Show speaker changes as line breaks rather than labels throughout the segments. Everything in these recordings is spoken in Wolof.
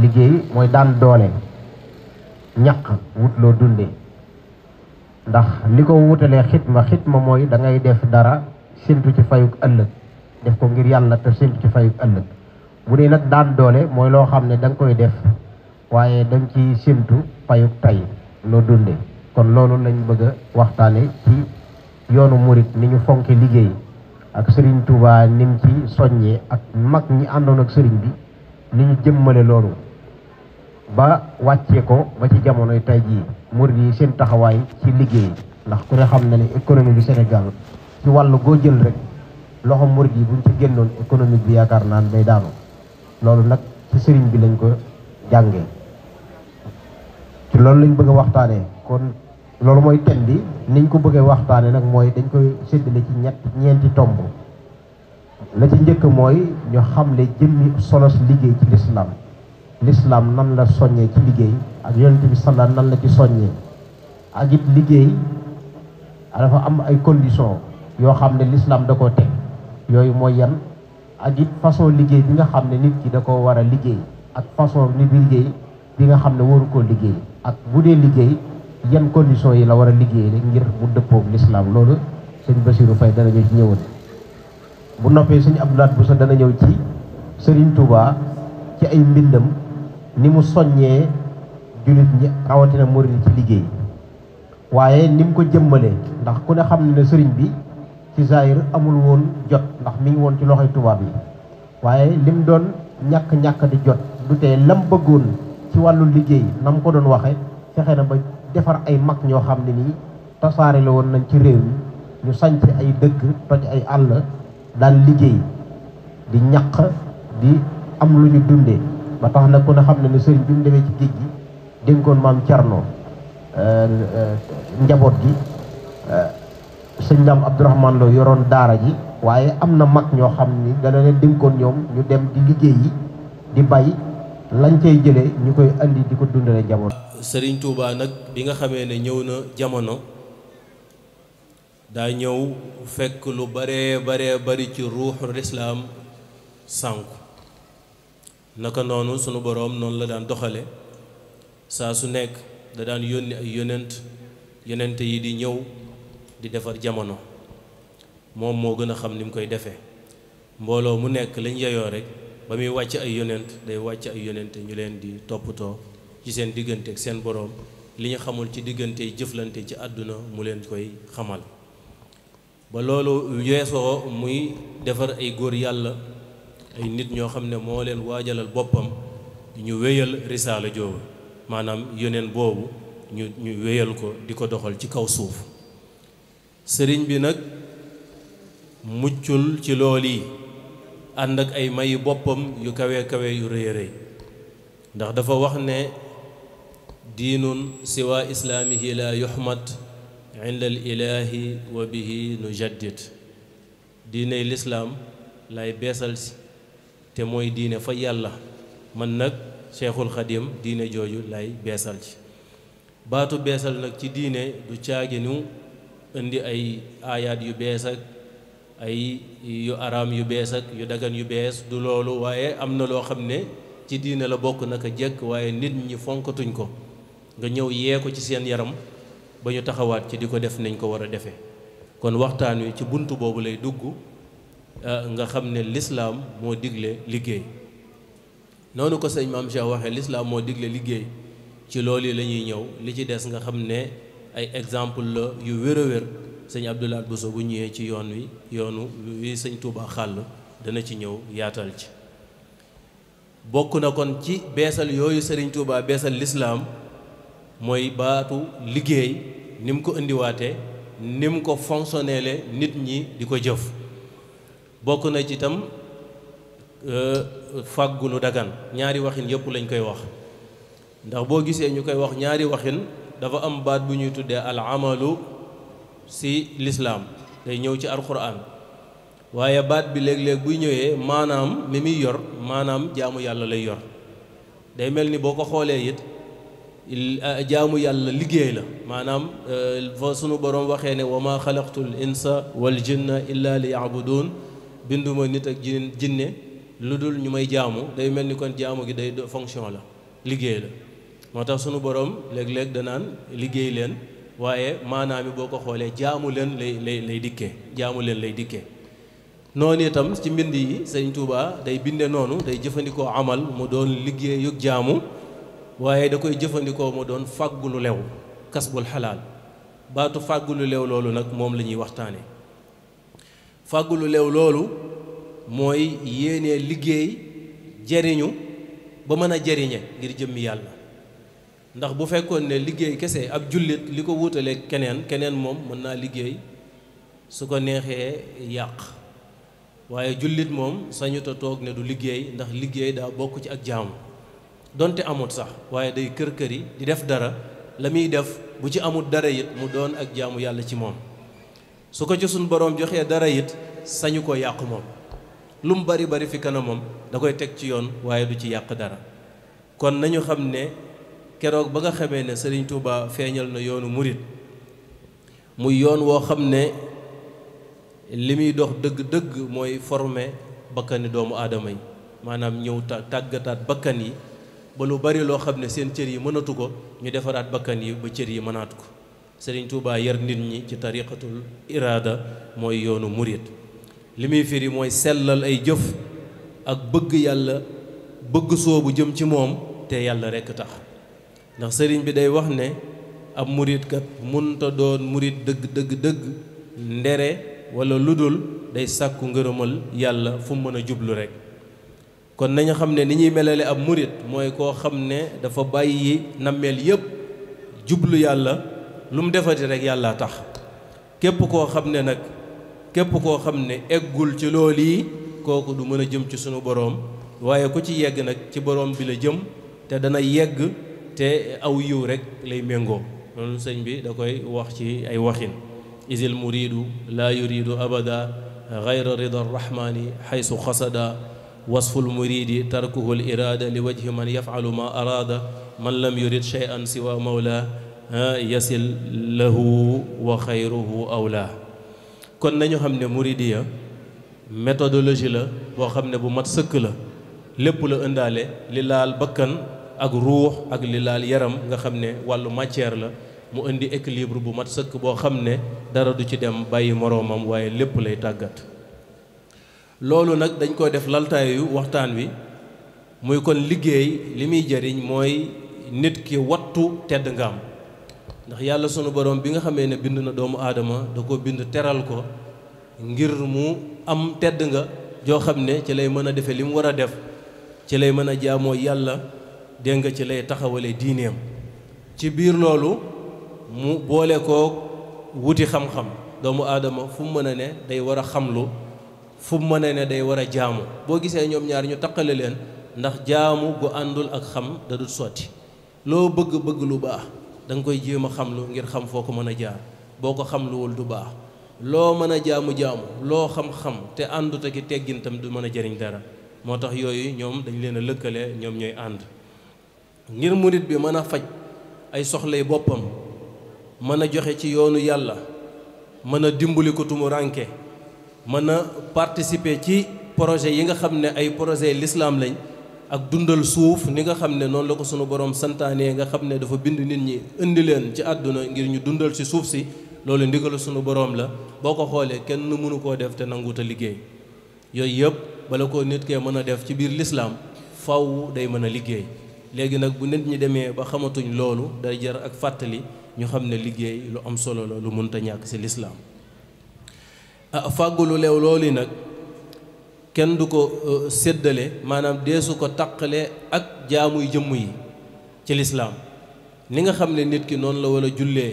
liggéey mooy daan doole ñaq wut loo dunde ndax li ko wutalee xitma xitma mooy da ngay def dara séntu ci fayug ëllëg def ko ngir yàlla te séntu ci fayug ëllëg bu dee nag daan doole mooy loo xam ne da nga koy def waaye da ci ciy séntu fayuk tay loo dunde kon loolu lañu bëgg a waxtaane ci yoonu murit ni ñu fonke liggéey ak Serigne Touba nim ci soññee ak mag ñi àndoon ak Serigne bi ni ñu jëmmale loolu ba wàccee ko ba ci jamonoy tey jii murid yi seen taxawaay ci liggéey ndax ku ne xam na ne économie bi senegal ci wàllu goo jël rek loxo murid yi buñ ci génnoon économie bi yaakaar naan day daanu loolu nag ci sëriñ bi lañ ko jàngee ci loolu lañ bëgg a waxtaanee kon loolu mooy thème bi niñ ko bëggee waxtaanee nag mooy dañ koy séddale ci ñett ñeenti tomb la ci njëkk mooy ñu xamle jëmmi solos liggéey ci lislaam l'islam nan la soññee ci liggéey ak yonent bi salla nan la ci soññee ak it liggéey dafa am ay condition yoo xam ne l'islam da koo teg yooyu mooy yan ak it façon liggéey bi nga xam ne nit ki da koo war a liggéey ak façon ni liggéey bi nga xam ne waru koo liggéey ak bu dee liggéey yan condition yi la war a liggéey rek ngir mu dëppoog l'islam loolu sëñ Bassirou Faye dana ñëw ci ñëwoon bu noppee sëñ Abdoulaye Bousso dana ñëw ci Serigne Touba ci ay mbindam ni mu soññee jullit ñi rawatina murid ci liggéey waaye ni mu ko jëmbalee ndax ku ne xam ne sëriñ bi ci zaahir amul woon jot ndax mi ngi woon ci loxoy tubaab yi waaye lim doon ñàkk-ñàkk di jot du tee lam bëggoon ci wàllu liggéey na mu ko doon waxe fexe na ba defar ay mag ñoo xam ne nii tasaare la woon nañ ci réew mi ñu sanc ay dëkk toj ay àll daal liggéey di ñaq di am lu ñu dundee ba tax na ku ne xam ne ne sëriñ bi mu demee ci géej gi dénkoon maam Thierno eh, eh, njaboot gi eh, sëñ Dame Abdourahmane Lo yoroon daara ji waaye am na mag ñoo xam ni dana leen dénkoon ñoom ñu dem di liggéey yi di bay lañ cay jëlee ñu koy andi di ko dundale jamono.
Serigne Touba nag bi nga xamee ne ñëw na jamono daa ñëw fekk lu bare baree bari ci ruuxul islaam sànku naka noonu sunu boroom noonu la daan doxale saa su nekk da daan yónni ay yonent yonent yi di ñëw di defar jamono moom moo gën a xam ni mu koy defee mbooloo mu nekk lañ yeyoo rek ba muy wàcc ay yonent day wàcc ay yonent ñu leen di toppatoo ci seen diggante ak seen boroom li ñu xamul ci diggante jëflante ci àdduna mu leen koy xamal ba loolu yeesoo muy defar ay góor yàlla ay nit ñoo xam ne moo leen waajalal boppam ñu wéyal risaala jooba maanaam yoneen boobu ñu ñu wéyal ko di ko doxal ci kaw suuf sëriñ bi nag muccul ci lool yi ànd ak ay mayi boppam yu kawe kawe yu rëy rëy ndax dafa wax ne diinun siwaa islaamihi la yuhmat inda al ilaahi wa bihi nu jaddit lislaam lay beesal si te mooy diine fa yàlla man nag cheikhul xadim diine jooju lay beesal ci baatu beesal nag ci diine du caaginu indi ay aayaat yu bees ak ay yu araam yu bees ak yu dagan yu bees du loolu waaye am na loo xam ne ci diine la bokk naka jëkk waaye nit ñi fonkatuñ ko nga ñëw yee ko ci seen yaram ba ñu taxawaat ci di ko def nañ ko war a defee kon waxtaan wi ci bunt boobu lay dugg Euh, nga xam ne lislaam moo digle liggéey noonu ko sëñ maam Cheikh waxee lislaam moo digle liggéey ci loolu la ñuy ñëw li ci des nga xam ne ay exemple la yu wér wér sëñ Abdoulaye Bousso bu ñëwee ci yoon wi yoonu wi sëñ Touba xàll dana ci ñëw yaatal ci bokk na kon ci beesal yooyu sëriñ Touba beesal lislaam mooy baatu liggéey ni ko indiwaate nim ko fonctionneele nit ñi di ko jëf bokk na ci itam euh, fàggu lu dagan ñaari waxin yépp lañ koy wax ndax boo gisee ñu koy wax ñaari waxin dafa am baat bu ñuy tuddee al amalu si lislaam day ñëw ci alquran waaye baat bi léeg-léeg buy ñëwee maanaam mi muy yor maanaam jaamu yàlla lay yor day mel ni boo ko xoolee it euh, jaamu yàlla liggéey la maanaam euh, fa sunu borom waxee ne wa ma xalaqtu l insa wal jinna illa li binduma nit ak jin jinne lu dul ñu may jaamu day mel ni kon jaamu gi day fonction la liggéey la moo tax suñu boroom léeg-léeg danaan liggéey leen waaye maanaam boo ko xoolee jaamu leen lay lay lay dikkee jaamu leen lay dikkee noonu itam ci mbind yi sëñ tuubaa day binde noonu day jëfandikoo amal mu doon liggéey yug jaamu waaye da koy jëfandikoo mu doon fàggulu lew kasbul xalaal baatu fàggulu lew loolu nag moom la ñuy waxtaanee fàggulu leew loolu mooy yéenee liggéey jariñu ba mën a jariñe ngir jëmm yàlla ndax bu fekkoon ne liggéey kese ab jullit li ko wuutaleeg keneen keneen moom mën naa liggéey su ko neexee yàq waaye jullit moom sañuta toog ne du liggéey ndax liggéey daa bokk ci ak jaamu donte amut sax waaye day kër-këri di def dara la muy def bu ci amut dara it mu doon ak jaamu yàlla ci moom su ko ci suñ boroom joxee dara it sañu ko yàq moom lu mu bari bari fi kanamam da koy teg ci yoon waaye du ci yàq dara kon nañu xam ne keroog ba nga xamee ne Serigne Touba feeñal na yoonu murit muy yoon woo xam ne li muy dox dëgg-dëgg mooy forme bakkani doomu aadama yi maanaam ñëw tàggataat bakkan yi ba lu bari loo xam ne seen cër yi mënatu ko ñu defaraat bakkan yi ba cër yi mënaatu ko sëriñ Touba yar nit ñi ci tariqatul iraada mooy yoonu murit li muy firi mooy sellal ay jëf ak bëgg yàlla bëgg soobu jëm ci moom te yàlla rekk a tax ndax sëriñ bi day wax ne ab murit kat munta doon murit dëgg dëgg dëgg ndere wala dul day sàkku ngërëmal yàlla fu mu mën a jublu rekk kon nañu xam ne ni ñuy melale ab murit mooy koo xam ne dafa bàyyi nammeel yépp jublu yàlla lu mu defati rek yàlla tax képp koo xam ne nag képp koo xam ne eggul ci loolu yi kooku du mën a jëm ci sunu boroom waaye ku ci yegg nag ci boroom bi la jëm te dana yegg te aw yiw rek lay méngoo loolu sëñ bi da koy wax ci ay waxin isil muridu laa yuridu abada gayra rida arrahmani xaysu xasada wasfu lmuridi tarkuhu l iraada li wajhi man yafalu ma araada man lam yurid cheyan siwa mawla yasil lahu wa aw awla kon nañu xam ne muridiya méthodologie la boo xam ne bu mat sëkk la lépp la ëndaale li laal bakkan ak ruux ak li laal yaram nga xam ne wàllu matière la mu indi équilibre bu mat sëkk boo xam ne dara du ci dem bàyyi moroomam waaye lépp lay tàggat loolu nag dañ koy def laltaayu waxtaan wi muy kon liggéey li muy jëriñ mooy nit ki wattu tedd nga am ndax yàlla sunu borom bi nga xamee ne bind na doomu aadama da ko bind teral ko ngir mu am tedd nga joo xam ne ci lay mën a defe li mu war a def ci lay mën a jaamoo yàlla dégg nga ci lay taxawale diineem ci biir loolu mu boole koo wuti xam-xam doomu aadama fu mën a ne day war a xamlu fu mën a ne day war a jaamu boo gisee ñoom ñaar ñu taqale leen ndax jaamu gu àndul ak xam da sotti loo bëgg-bëgg lu baax danga koy jéem a xamlu ngir xam foo ko mën a jaar boo ko xamluwul du baax loo mën a jaamu-jaamu loo xam-xam te àndut ak teggintam du mën a jariñ dara moo tax yooyu ñoom dañ leen a lëkkale ñoom ñooy ànd ngir murit bi mën a faj ay soxlay boppam mën a joxe ci yoonu yàlla mën a dimbali ko tumurànke mën a participer ci projet yi nga xam ne ay projet lislaam lañ ak dundal suuf ni nga xam ne noonu la ko sunu borom santaanee nga xam ne dafa bind nit ñi indi leen ci àdduna ngir ñu dundal si suuf si loolu ndigalu sunu boroom la boo ko xoolee kenn mënu koo def te nanguta liggéey yooyu yëpp bala ko nit kee mën a def ci biir lislaam faw day mën a liggéey léegi nag bu nit ñi demee ba xamatuñ loolu day jar ak fàttali ñu xam ne liggéey lu am solo la lu mënta ñàkk ci lislaam ah, fàggulu leew loolu yi nag kenn du ko euh, séddale maanaam deesu ko taqale ak jaamuy jëmm yi ci lislaam ni nga xam ne nit ki noonu la war a jullee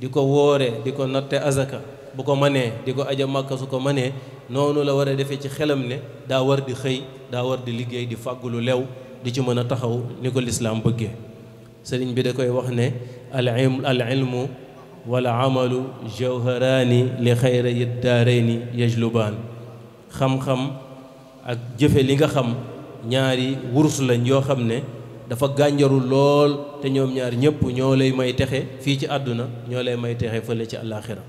di ko woore di ko natte azaka bu ko mënee di ko aja màkka su ko mënee noonu la war a defee ci xelam ne daa war di xëy daa war di liggéey di fàgg lu lew di ci mën a taxaw ni ko lislaam bëggee sëriñ bi da koy wax ne al al ilmu wala amalu jawharaani li xayra yiddaarayni yajlubaan xam-xam ak jëfe li nga xam ñaari wurus lañ yoo xam ne dafa gànjaru lool te ñoom ñaar ñëpp ñoo lay may texe fii ci àdduna ñoo lay may texe fële ci àllaaxira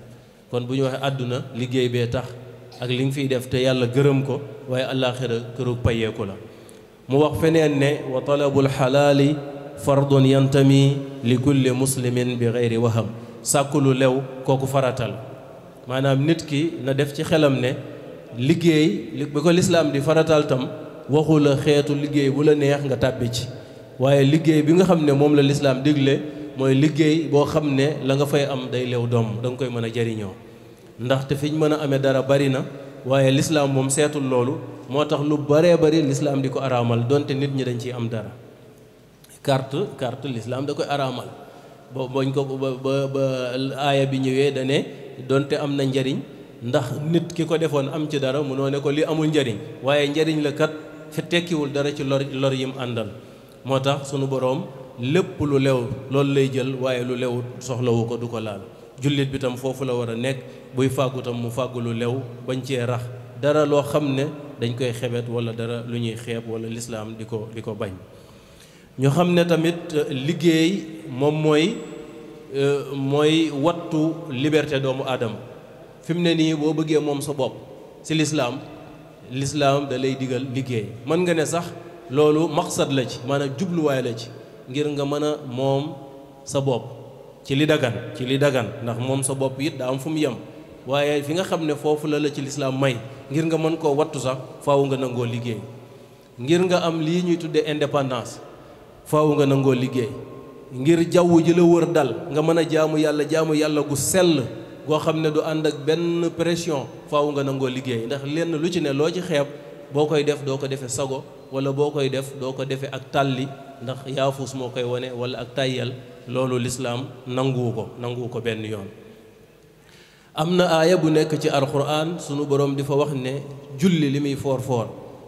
kon bu ñu waxee àdduna liggéey bee tax ak li nga fiy def te yàlla gërëm ko waaye àllaaxira këru payeeku la mu wax feneen ne wa talabul xalaali fardun yantami li kulli muslimin bi geyri waham sàkku lu lew kooku faratal maanaam nit ki na def ci xelam ne liggéey bi ko lislaam di faratal tam waxu xeetu liggéey bu la neex nga tàbbi ci waaye liggéey bi nga xam ne moom la lislaam digle mooy liggéey boo xam ne la nga fay am day lew doom da nga koy mën a jariñoo ndaxte fi mën a amee dara bari na waaye lislaam moom seetul loolu moo tax lu baree bari lislaam di ko araamal donte nit ñi dañ ciy am dara carte carte lislaam da koy araamal ba bañ ko ba ba aaya bi ñëwee dane ne donte am na njariñ ndax nit ki ko defoon am ci dara munoo ne ko li amul njariñ waaye njariñ la kat fi tekkiwul dara ci lor lor yim àndal moo tax sunu boroom lépp lu lew loolu lay jël waaye lu lew soxlawu ko du ko laal jullit bi tam foofu la war a nekk buy fàggu tam mu fàggu lu lew bañ cee rax dara loo xam ne dañ koy xebet wala dara lu ñuy xeeb wala lislaam di ko di ko bañ ñu xam ne tamit euh, liggéey moom mooy euh, mooy wattu liberté doomu aadama fi mu ne nii boo bëggee moom sa bopp si lislaam lislaam da lay digal liggéey mën nga ne sax loolu maqsad la ci maanaam jubluwaay la ci ngir nga mën a moom sa bopp ci li dagan ci li dagan ndax moom sa bopp it daa am fu mu yem waaye fi nga xam ne foofu la la ci lislaam may ngir nga mën koo wattu sax faaw nga nangoo liggéey ngir nga am lii ñuy tuddee indépendance faaw nga nangoo liggéey ngir jaww ji la wër dal nga mën a jaamu yàlla jaamu yàlla gu sell boo xam ne du ànd ak benn pression faaw nga nangoo liggéey ndax lenn lu ci ne loo ci xeeb boo koy def doo ko defee sago wala boo koy def doo ko defee ak tàlli ndax yaafuus moo koy wane wala ak tàyyal loolu lislaam nanguwu ko nanguwu ko benn yoon am na aaya bu nekk ci alquran sunu borom di fa wax ne julli li muy foor foor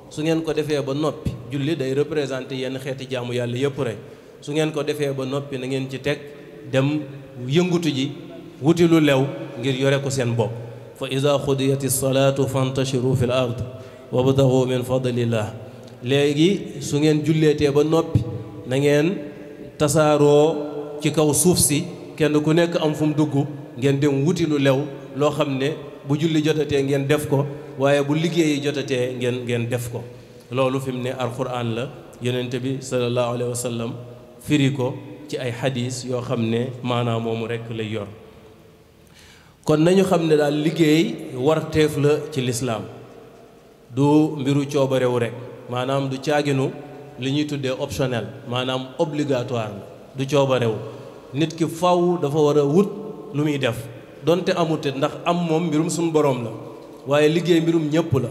su ngeen ko defee ba noppi julli day représenté yenn xeeti jaamu yàlla yëpp rek su ngeen ko defee ba noppi na ngeen ci teg dem yëngutu ji wuti lu lew ngir yore ko seen bopp fa ida xudiyat salaatu fantashiru fi l ard wabtaxu min fadlillah léegi su ngeen julleetee ba noppi nangeen tasaaroo ci kaw suuf si kenn ku nekk am fu mu dugg ngeen dem wuti lu lew loo xam ne bu julli jotatee ngeen def ko waaye bu liggéeyi jotatee ngeen ngeen def ko loolu fi mu ne alquran la yonent bi sallallahu alayhi wa sallam firi ko ci ay xadiis yoo xam ne maanaa moomu rekk lay yor kon nañu xam ne daal liggéey warteef la ci lislaam du mbiru coobarewu rek maanaam du caaginu li ñuy tuddee optionel maanaam obligatoire la du coobarewu nit ki faw dafa war a wut lu muy def donte amut ndax am moom mbirum suñu borom la waaye liggéey mbirum ñëpp la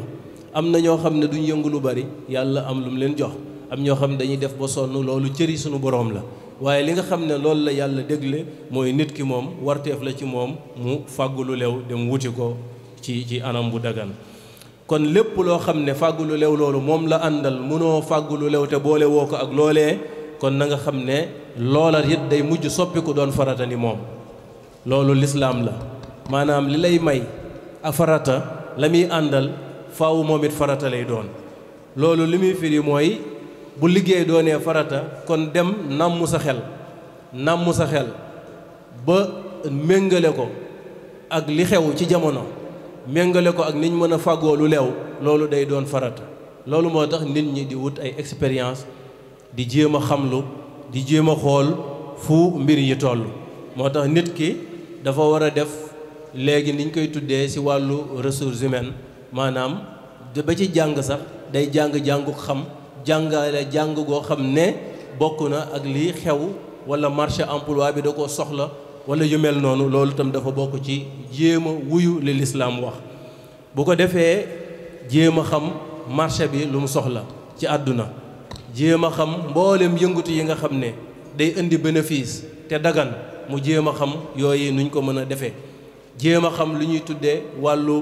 am na ñoo xam ne duñ yëngu lu bari yàlla am lu mu leen jox am ñoo xam ne dañuy def ba sonn loolu cëri suñu borom la waaye li nga xam ne loolu la yàlla dégle mooy nit ki moom warteef la ci moom mu fàggu lu lew dem wuti ko ci ci anam bu dagan kon lépp loo xam ne fàggu lu lew loolu moom la àndal mënoo fàggu lu lew te boole woo ko ak loolee kon na nga xam ne loola it day mujj soppiku doon farata ni moom loolu lislaam la maanaam li lay may a farata la muy àndal faaw moom it farata lay doon loolu li muy firi mooy bu liggéey doonee farata kon dem nàmm sa xel nàmm sa xel ba méngale ko ak li xew ci jamono méngale ko ak niñ mën a fàggoo lu leew loolu day doon farata loolu moo tax nit ñi di wut ay expérience di jéem a xamlu di jéem a xool fu mbir yi toll moo tax nit ki dafa war a def léegi niñ koy tuddee ci wàllu ressources humaines maanaam ba ci jàng sax day jàng jàngu xam jàngale jàng goo xam ne bokk na ak lii xew wala marché emploi bi da koo soxla wala yu noonu loolu itam dafa bokk ci jéem a wuyu li lislaam wax bu ko defee jéem a xam marché bi lu mu soxla ci àdduna jéem a xam mbooleem yëngatu yi nga xam ne day indi bénéfice te dagan mu jéem a xam yooyu nuñ ko mën a defee jéem a xam lu ñuy tuddee wàllu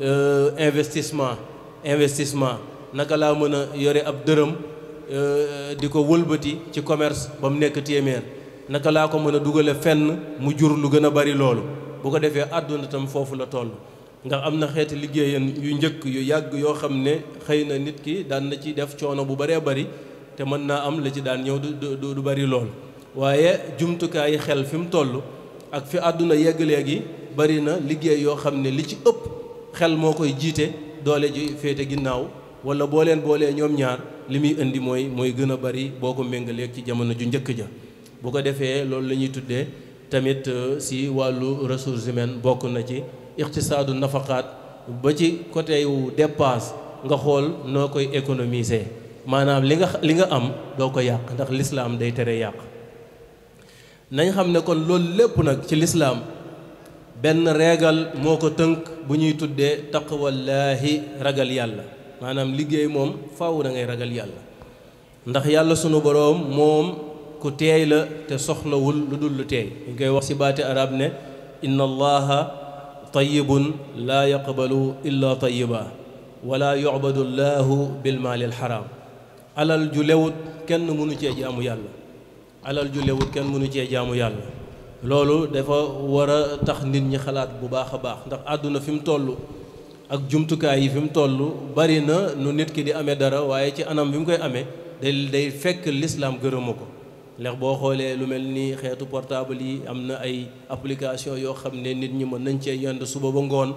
euh, investissement investissement naka laa mën a yore ab dërëm euh, di ko wëlbati ci commerce ba mu nekk téeméer naka laa ko mën a dugale fenn mu jur lu gën a bari loolu bu ko defee àdduna tam foofu la toll ndax am na xeeti liggéeyan yu njëkk yu yàgg yoo xam ne xëy na nit ki daan na ci def coono bu baree bari te mën naa am la ci daan ñëw du du bari lool waaye jumtukaayu xel fi mu toll ak fi àdduna yegg léegi bari na liggéey yoo xam ne li ci ëpp xel moo koy jiite doole ji féete ginnaaw wala boo leen boolee ñoom ñaar li muy indi mooy mooy gën a bari boo ko méngaleeg ci jamono ju njëkk ja bu ko defee loolu la ñuy tuddee tamit euh, si wàllu ressources humaines bokk na ci iqtisaadu nafaqaat ba ci côté wu dépasse nga xool noo koy économiser maanaam li nga li nga am doo ko yàq ndax lislaam day tere yàq nañ xam ne kon loolu lépp nag ci lislaam benn reegal moo ko tënk bu ñuy tuddee taqwallaahi ragal yàlla maanaam liggéey moom faw da ngay ragal yàlla ndax yàlla sunu boroom moom ku teey la te soxlawul lu dul lu teey ñu koy wax ci baati arab ne inna allaha tayyibun laa yaqbalu illa tayyiba wala yu'badu llahu bilmaalil xaraam alal ju lewut kenn mënu cee jaamu yàlla alal ju lewut kenn mënu cee jaamu yàlla loolu dafa war a tax nit ñi xalaat bu baax a baax ndax àdduna fi mu toll ak jumtukaay yi fi mu toll bari na nu nit ki di amee dara waaye ci anam bi mu koy amee day day fekk lislaam gërëmu ko ndax boo xoolee lu mel ni xeetu portable yi am na ay application yoo xam ne nit ñi mën nañ cee yend suba ba ngoon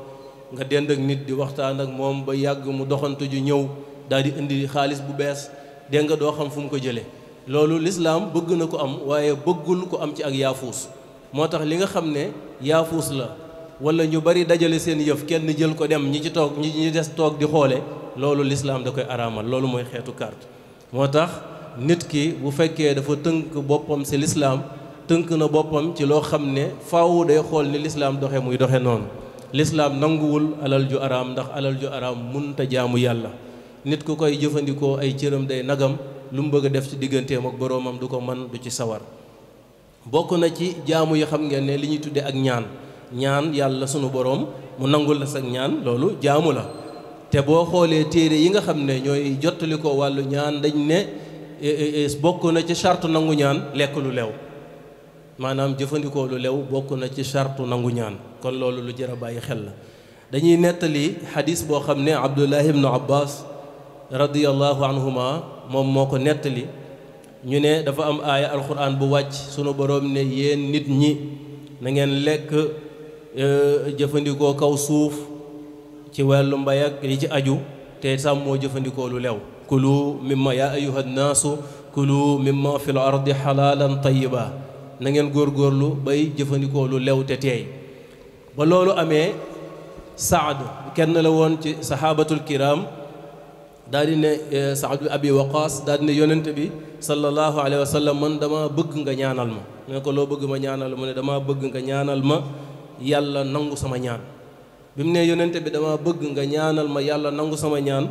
nga dend ak nit di waxtaan ak moom ba yàgg mu doxantu ju ñëw daal di indi xaalis bu bees dégg nga doo xam fu mu ko jëlee loolu lislaam bëgg na ko am waaye bëggul ko am ci ak yaafuus moo tax li nga xam ne yaafus la wala ñu bari dajale seen yëf kenn jël ko dem ñi ci toog ñi ñi des toog di xoole loolu lislaam da koy araamal loolu mooy xeetu carte moo tax nit ki bu fekkee dafa tënk boppam si lislaam tënk na boppam ci loo xam ne faw day xool ni lislaam doxe muy doxe noonu lislaam nanguwul alal ju araam ndax alal ju araam munta jaamu yàlla nit ku koy jëfandikoo ay cëram day nagam lu mu bëgg def ci digganteem ak boroomam du ko mën du ci sawar bokk na ci jaamu yi xam ngeen ne li ñuy tudde ak ñaan ñaan yàlla sunu boroom mu nangul la sag ñaan loolu jaamu la te boo xoolee téere yi nga xam ne ñooy jottalikoo wàllu ñaan dañ ne e, e, e, bokk na ci charte nangu ñaan lekk lu lew maanaam jëfandikoo lu lew bokk na ci charte nangu ñaan kon loolu lu jar a bàyyi xel la dañuy nettali xadis boo xam ne abdullah ibnu abbas radiallahu anhuma moom moo ko nettali ñu ne dafa am aaya alquran bu wàcc sunu boroom ne yéen nit ñi na lekk jëfandikoo kaw suuf ci wàllu mbay yi ci aju te sàmmoo jëfandikoo lu lew kulu mimma yaa ayuha nnaasu kulu mimma fi l ardi xalaalan tayiba na ngeen góorgóorlu bay jëfandikoo lu lew te teey ba loolu amee saad kenn la woon ci saxaabatul kiram daal di ne e, saad bi abi waqaas daal di bi sallallahu alayhi wa sallam man dama bëgg nga ñaanal ma ne ko loo bëgg ma ñaanal mu ne dama bëgg nga ñaanal ma yàlla nangu sama ñaan bi mu ne yonente bi dama bëgg nga ñaanal ma yàlla nangu sama ñaan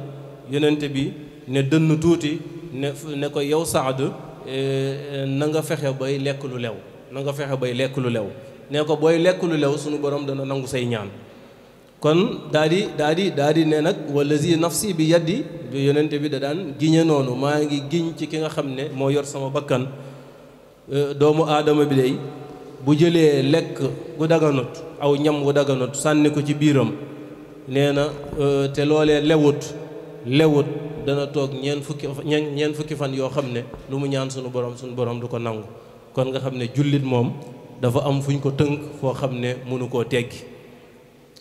yonente bi ne dënn tuuti ne ne ko yow Saad eh, na nga fexe bay lekk lu lew na fexe bay lekk lew ne ko booy lekk lu lew sunu borom dana nangu say ñaan kon daa di daa di daa di ne nag wallazi nafsi bi yaddi yonente bi da daan giñe noonu maa ngi giñ ci ki nga xam ne moo yor sama bakkan eh, doomu aadama bi day bu jëlee lekk gu daganut aw ñam wu daganut sànni ko ci biiram nee na euh, te loolee lewut lewut dana toog ñeen fukki fukki fan yoo xam ne lu mu ñaan sunu borom sunu borom du ko nangu kon nga xam ne jullit moom dafa am fuñ ko tënk foo xam ne mënu koo teggi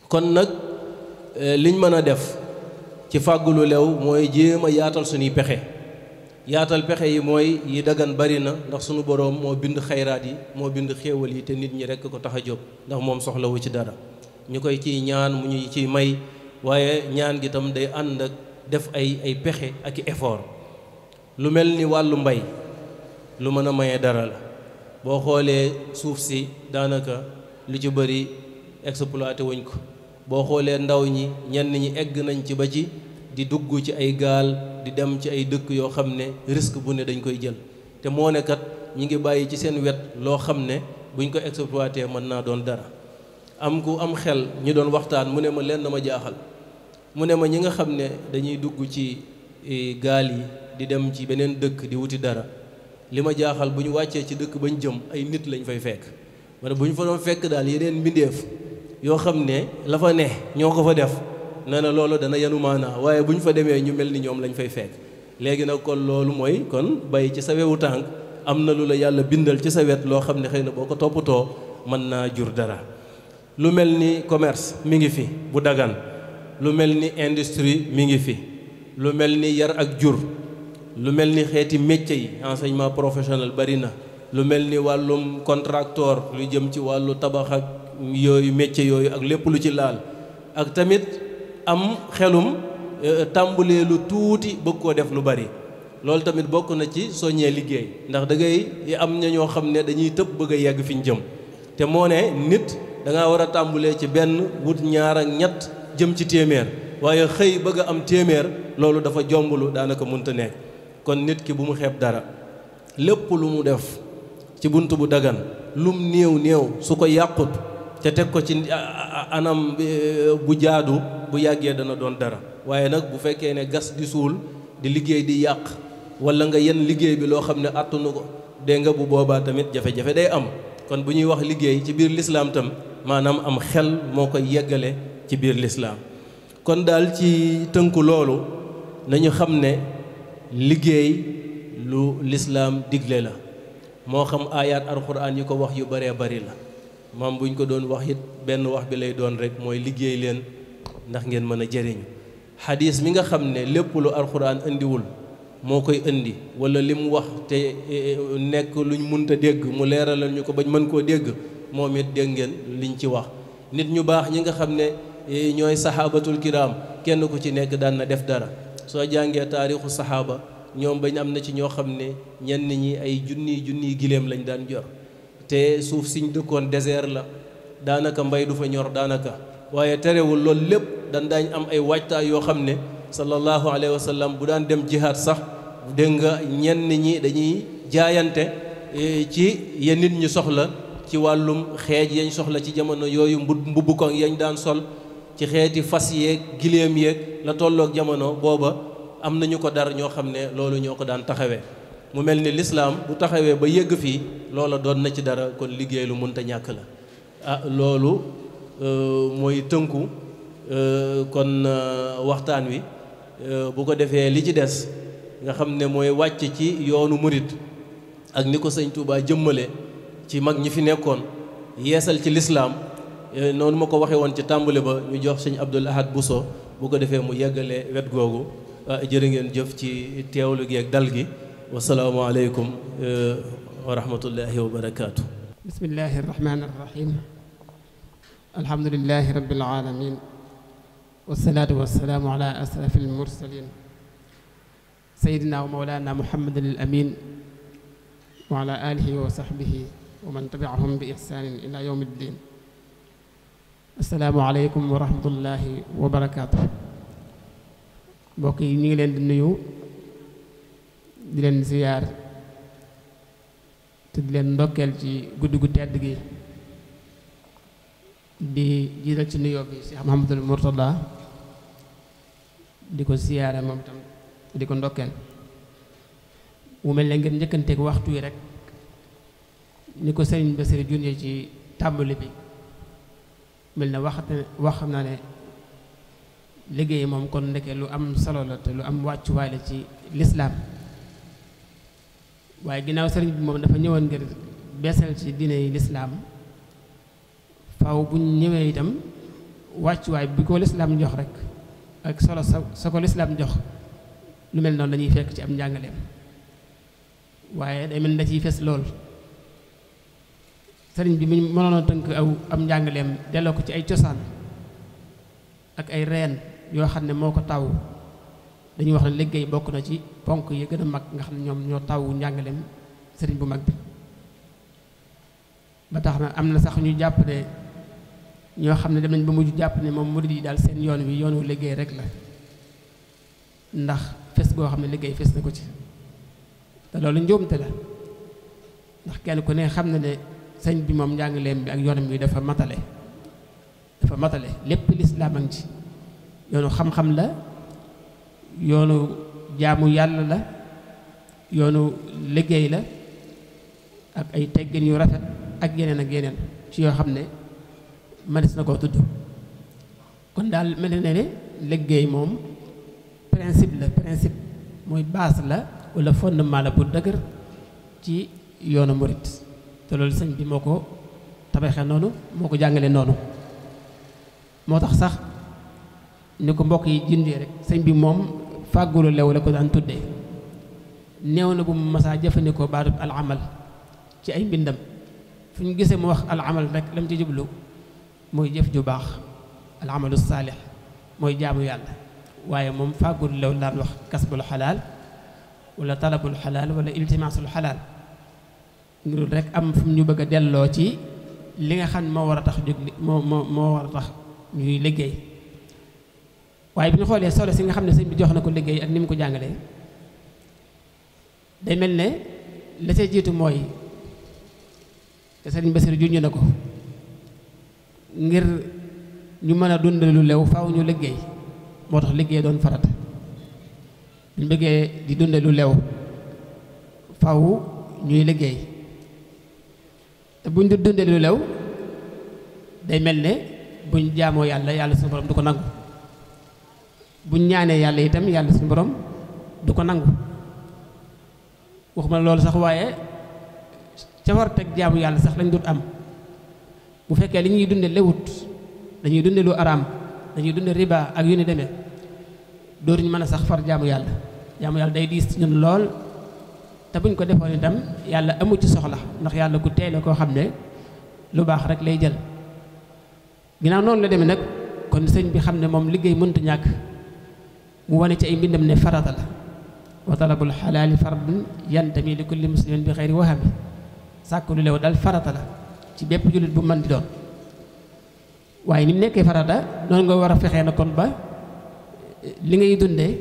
kon nag euh, liñ mën a def ci fàggulu lew mooy jéem a yaatal suñuy pexe yaatal pexe yi mooy yi dagan bari na ndax sunu boroom moo bind xayraat yi moo bind xéewal yi te nit ñi rekk a ko tax a jóg ndax moom soxlawu ci dara ñu koy ciy ñaan mu ñuy ciy may waaye ñaan gi tam day ànd ak def ay ay pexe ak i effort lu mel ni wàllu mbay lu mën a maye dara la boo xoolee suuf si daanaka lu ci bëri exploité wuñ ko boo xoolee ndaw ñi ñenn ñi egg nañ ci ba ci di dugg ci ay gaal di dem ci ay dëkk yoo xam ne risque bu ne dañ koy jël te moo ne kat ñi ngi bàyyi ci seen wet loo xam ne buñ ko exploité mën naa doon dara am ku am xel ñu doon waxtaan mu ne ma leen na ma jaaxal mu ne ma ñi nga xam ne dañuy dugg ci e, gaal yi di dem ci beneen dëkk di wuti dara li ma jaaxal bu ñu wàccee ci dëkk bañ jëm ay nit lañ fay fekk ma ne bu ñu fa doon fekk daal yeneen mbindeef yoo xam ne la fa ne ñoo ko fa def nee na loolu dana yenu maanaa waaye bu ñu fa demee ñu mel ni ñoom lañu fay fekk léegi nag kon loolu mooy kon bay ci sa wewu tànk am na lu la yàlla bindal ci sa wet loo xam ne xëy na boo ko toppatoo mën naa jur dara lu mel ni commerce mi ngi fi bu dagan lu mel ni industrie mi ngi fi lu mel ni yar ak jur lu mel ni xeeti métier yi enseignement professionnel bari na lu mel ni wàllum contracteur lu jëm ci wàllu tabax ak yooyu métier yooyu ak lépp lu ci laal am xelum euh, tàmbulee lu tuuti bëgg koo def lu bari loolu tamit bokk na ci soññee liggéey ndax da ngay am na ñoo xam ne dañuy tëb bëgg a yegg fi ñu jëm te moo ne nit da ngaa war a tàmbalee ci benn wut ñaar ñett jëm ci téeméer waaye xëy bëgg a am téeméer loolu dafa jombulu daanaka munta nekk kon nit ki bu mu xeeb dara lépp lu mu def ci bunt bu dagan lum néew néew su ko yàqut te teg ko ci anam e, bu jaadu bu yàggee dana doon dara waaye nag bu fekkee ne gas di suul di liggéey di yàq wala nga yenn liggéey bi loo xam ne attunu ko dégg nga bu boobaa tamit jafe-jafe day am kon bu ñuy wax liggéey ci biir lislaam tam maanaam am xel moo ko yeggale ci biir lislaam kon daal ci tënku loolu nañu xam ne liggéey lu lislaam digle la moo xam aayaat alxuraan yi ko wax yu bëree bari la maam bu ñu ko doon wax it benn wax bi lay doon rek mooy liggéey leen ndax ngeen mën a jëriñu xadiis mi nga xam ne lépp lu alxuraan indiwul moo koy indi wala li mu wax te e, e, nekk luñ munta dégg mu leeralal ñu ko bañ mën koo dégg moom it dégg ngeen liñ ci wax nit ñu baax ñi nga xam ne e, ñooy saxaabatul kiraam kenn ku ci nekk daan na def dara soo jàngee taarixu saxaaba ñoom bañ am na ci ñoo xam ne ñenn ñi ay junni junni giléem lañ daan jor te suuf siñ dëkkoon désert la daanaka mbay du fa ñor daanaka waaye terewul loolu lépp dan daañ am ay waajtaay yoo xam ne sallallahu alayhi wa sallam bu daan dem jihaad sax dégg nga ñenn ñi dañuy jaayante e, ci ya nit ñu soxla ci wàllum xeej yañ soxla ci jamono yooyu mbub mbubb koŋ yañ daan sol ci xeeti fas yeeg giléem yéeg la tolloog jamono booba am nañu ko dara ñoo xam ne loolu ñoo ko daan taxawee mu mel ni lislaam bu taxawee ba yëgg fii loola doon na ci dara kon liggéey lu mënta ñàkk la ah loolu euh, mooy tënku euh, kon euh, waxtaan wi bu ko defee li ci des nga xam ne mooy wàcc ci yoonu murit ak ni ko sëñ Touba jëmmale ci mag ñi fi nekkoon yeesal ci lislaam noonu ma ko waxee woon ci tàmbali ba ñu jox sëñ Abdul Ahad Bousso bu ko defee mu yeggalee wet googu ah, jërë ngeen jëf ci teewlu gi ak dal gi wasalaamualeykum eh, wa rahmatullahi wa barakaatu.
bismillahi rahmaani rahiim. alhamdulilahi rabbil aalamiin. wasalaatu wasalaamu ala asrafil mursaliin. sayyidina wa mawlaana muhammadin al amiin. wa ala aalihi wa saxbihi wa man tabiahum bi ixsaanin ila yawmi ddiin. asalaamualeykum wa rahmatullahi wa barakaatu. mbokk yi ñu ngi leen di nuyu. di leen ziyaar te di leen ndokkeel ci guddi gu tedd gi di jiital ci nuyoo bi Cheikh Mouhamadul Mourtada di ko ziyaare moom tam di ko ndokkeel mu mel ne ngeen njëkkanteeg waxtu wi rek ni ko sëriñ Bassirou junjee ci tàmbali bi mel na wax wax xam naa ne liggéey moom kon ndeke lu am solo la te lu am wàccuwaay la ci lislaam waaye ginnaaw sëriñ bi moom dafa ñëwoon ngir beesal ci dina yi lislaam faw bu ñëwee itam wàccuwaay bi ko lislaam jox rek ak solo sa sa ko lislaam jox lu mel noonu dañuy fekk ci am njàngaleem waaye day mel da ciy fes lool sëriñ bi mu mënoon tënk aw am njàngaleem delloo ko ci ay cosaan ak ay reen yoo xam ne moo ko taw dañuy wax ne liggéey bokk na ci ponk yi gën a mag nga xam ne ñoom ñoo tawu njàngaleem sëriñ bu mag bi ba tax na am na sax ñu jàpp ne ñoo xam ne dem nañ ba mujj jàpp ne moom murid yi daal seen yoon wi yoon liggéey rek la ndax fes goo xam ne liggéey fes na ko ci te loolu njuumte la ndax kenn ku ne xam na ne sëñ bi moom njàngaleem bi ak yoonam bi dafa matale dafa matale lépp lislaam a ngi ci yoonu xam-xam la yoonu jaamu yàlla la yoonu liggéey la ak ay teggin yu rafet ak yeneen ak yeneen ci yoo xam ne manis na koo tudd kon daal mel na ne liggéey moom principe la principe mooy baas la walla fondement la bu dëgër ci yoonu murit te loolu sëñ bi moo ko tabaxee noonu moo ko jàngale noonu moo tax sax ni ko mbokk yi jindee rek sëñ bi moom fàggulu lew la ko daan tudde néew na bu mu masaa jëfandikoo baatub amal ci ay mbindam fu ñu gisee mu wax alamal rek lam ci jublu mooy jëf ju baax alamalu saalix mooy jaamu yàlla waaye moom fàggulu lew daan wax kasbul xalaal wala talabul xalaal wala iltimaasul xalaal ngir rek am fu ñu bëgg a delloo ci li nga xam moo war a tax jóg moo moo moo war a tax ñuy liggéey waaye bi ñu xoolee solo si nga xam ne sëñ bi jox na ko liggéey ak ni mu ko jàngalee day mel ne la see jiitu mooy te sëriñ Basiru juñu na ko ngir ñu mën a dund lu lew ñu liggéey moo tax liggéey doon farata ñu di dundal lu lew faw ñuy liggéey te buñ du dundal lu lew day mel ne buñ jaamoo yàlla yàlla suñu borom du ko nangu buñ ñaanee yàlla itam yàlla suñu borom du ko nangu waxuma loolu sax waaye ca war teg jaamu yàlla sax lañ dut am bu fekkee li ñuy dunde lewut dañuy dunde lu araam dañuy dunde riba ak yu ni demee dootuñu mën a sax far jaamu yàlla jaamu yàlla day diis ci ñun lool te buñ ko defoon itam yàlla amu ci soxla ndax yàlla ku teey la koo xam ne lu baax rek lay jël ginnaaw noonu la demee nag kon sëñ bi xam ne moom liggéey mënta ñàkk mu wane ci ay mbindam ne farata la wa talabul xalaali fardun yantami li kulli muslimin bi xeyri wahami sàkku lu lew dal farata la ci bépp jullit bu mën di doon waaye ni mu nekkee farata noonu nga war a fexee na kon ba li ngay dundee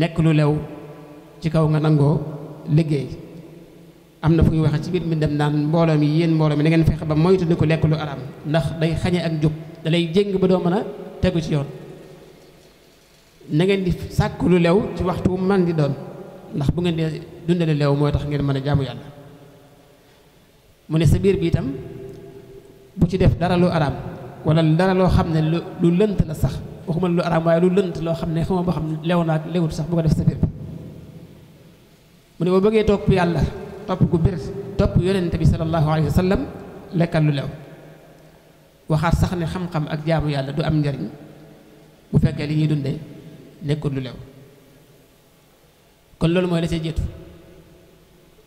nekk lu lew ci kaw nga nangoo liggéey am na fu ñu waxee ci biir mbindam naan mbooloo mi yéen mbooloo mi da ngeen fexe ba moytu ni ko lekk lu araam ndax day xañe ak njub dalay lay jéng ba doo mën a tegu ci yoon na ngeen di sàkk lu lew ci waxtu man di doon ndax bu ngeen dee dundee lu lew mooy tax ngeen mën a jaamu yàlla mu ne sa biir bi itam bu ci def dara lu araam wala dara loo xam ne lu lënt la sax waxuma lu araam waaye lu lënt loo xam ne xamoo boo xam ne lew naa lewut sax bu ko def sa biir bi mu ne boo bëggee topp yàlla topp gu bir topp yonente bi sallallahu alayhi wa sallam lekkal lu lew waxaat sax ne xam-xam ak jaamu yàlla du am njariñ bu fekkee li ñuy dundee nekkul lu lew kon loolu mooy la cay jiitu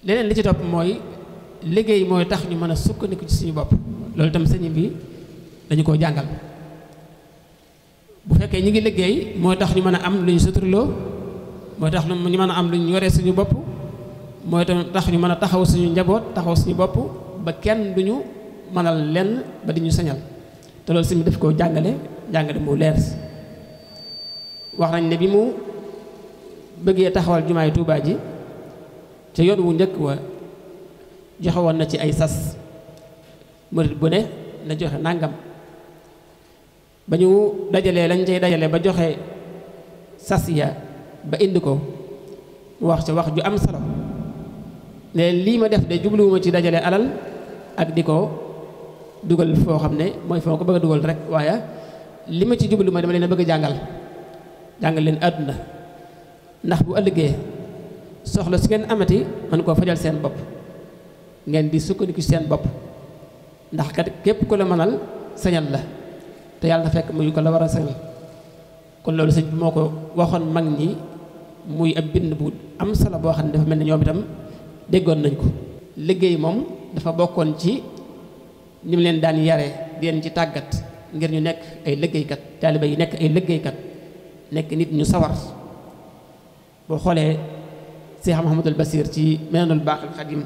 leneen li ci topp mooy liggéey mooy tax ñu mën a sukkandiku ci suñu bopp loolu itam sëñ bi dañu koo jàngal bu fekkee ñu ngi liggéey mooy tax ñu mën a am lu ñu suturloo mooy tax ñu mën a am lu ñu yoree suñu bopp mooy tax ñu mën a taxaw suñu njaboot taxaw suñu bopp ba kenn du duñu mënal lenn ba di ñu sañal te loolu simu bi daf koo jàngale jàngale mu leer wax nañ ne bi mu bëggee taxawal jumaay Tuubaa ji ca yoon wu njëkk wa joxe woon na ci ay sas murit bu ne na joxe nàngam ba ñu dajalee lañ cay dajale ba joxe sas ya ba indi ko wax ca wax ju am solo ne lii ma def de jubluwuma ci dajale alal ak di ko dugal foo xam ne mooy foo ko bëgg dugal rek waaye li ma ci jublu ma dama leen na bëgg a jàngal jàng leen àdduna ndax bu ëllëgee soxla su ngeen amati mën koo fajal seen bopp ngeen di sukkandiku seen bopp ndax kat képp ku la mënal sañal la te yàlla fekk muy ko la war a sañal kon loolu sëñ bi moo ko waxoon mag ñi muy ab bind bu am solo boo xam ne dafa mel ni ñoom itam déggoon nañ ko liggéey moom dafa bokkoon ci ni mu leen daan yare di leen ci tàggat ngir ñu nekk ay liggéeykat taaliba yi nekk ay liggéeykat nekk nit ñu sawar boo xoolee Cheikh Mouhamadul Basir ci Minanul Baaxil Xadim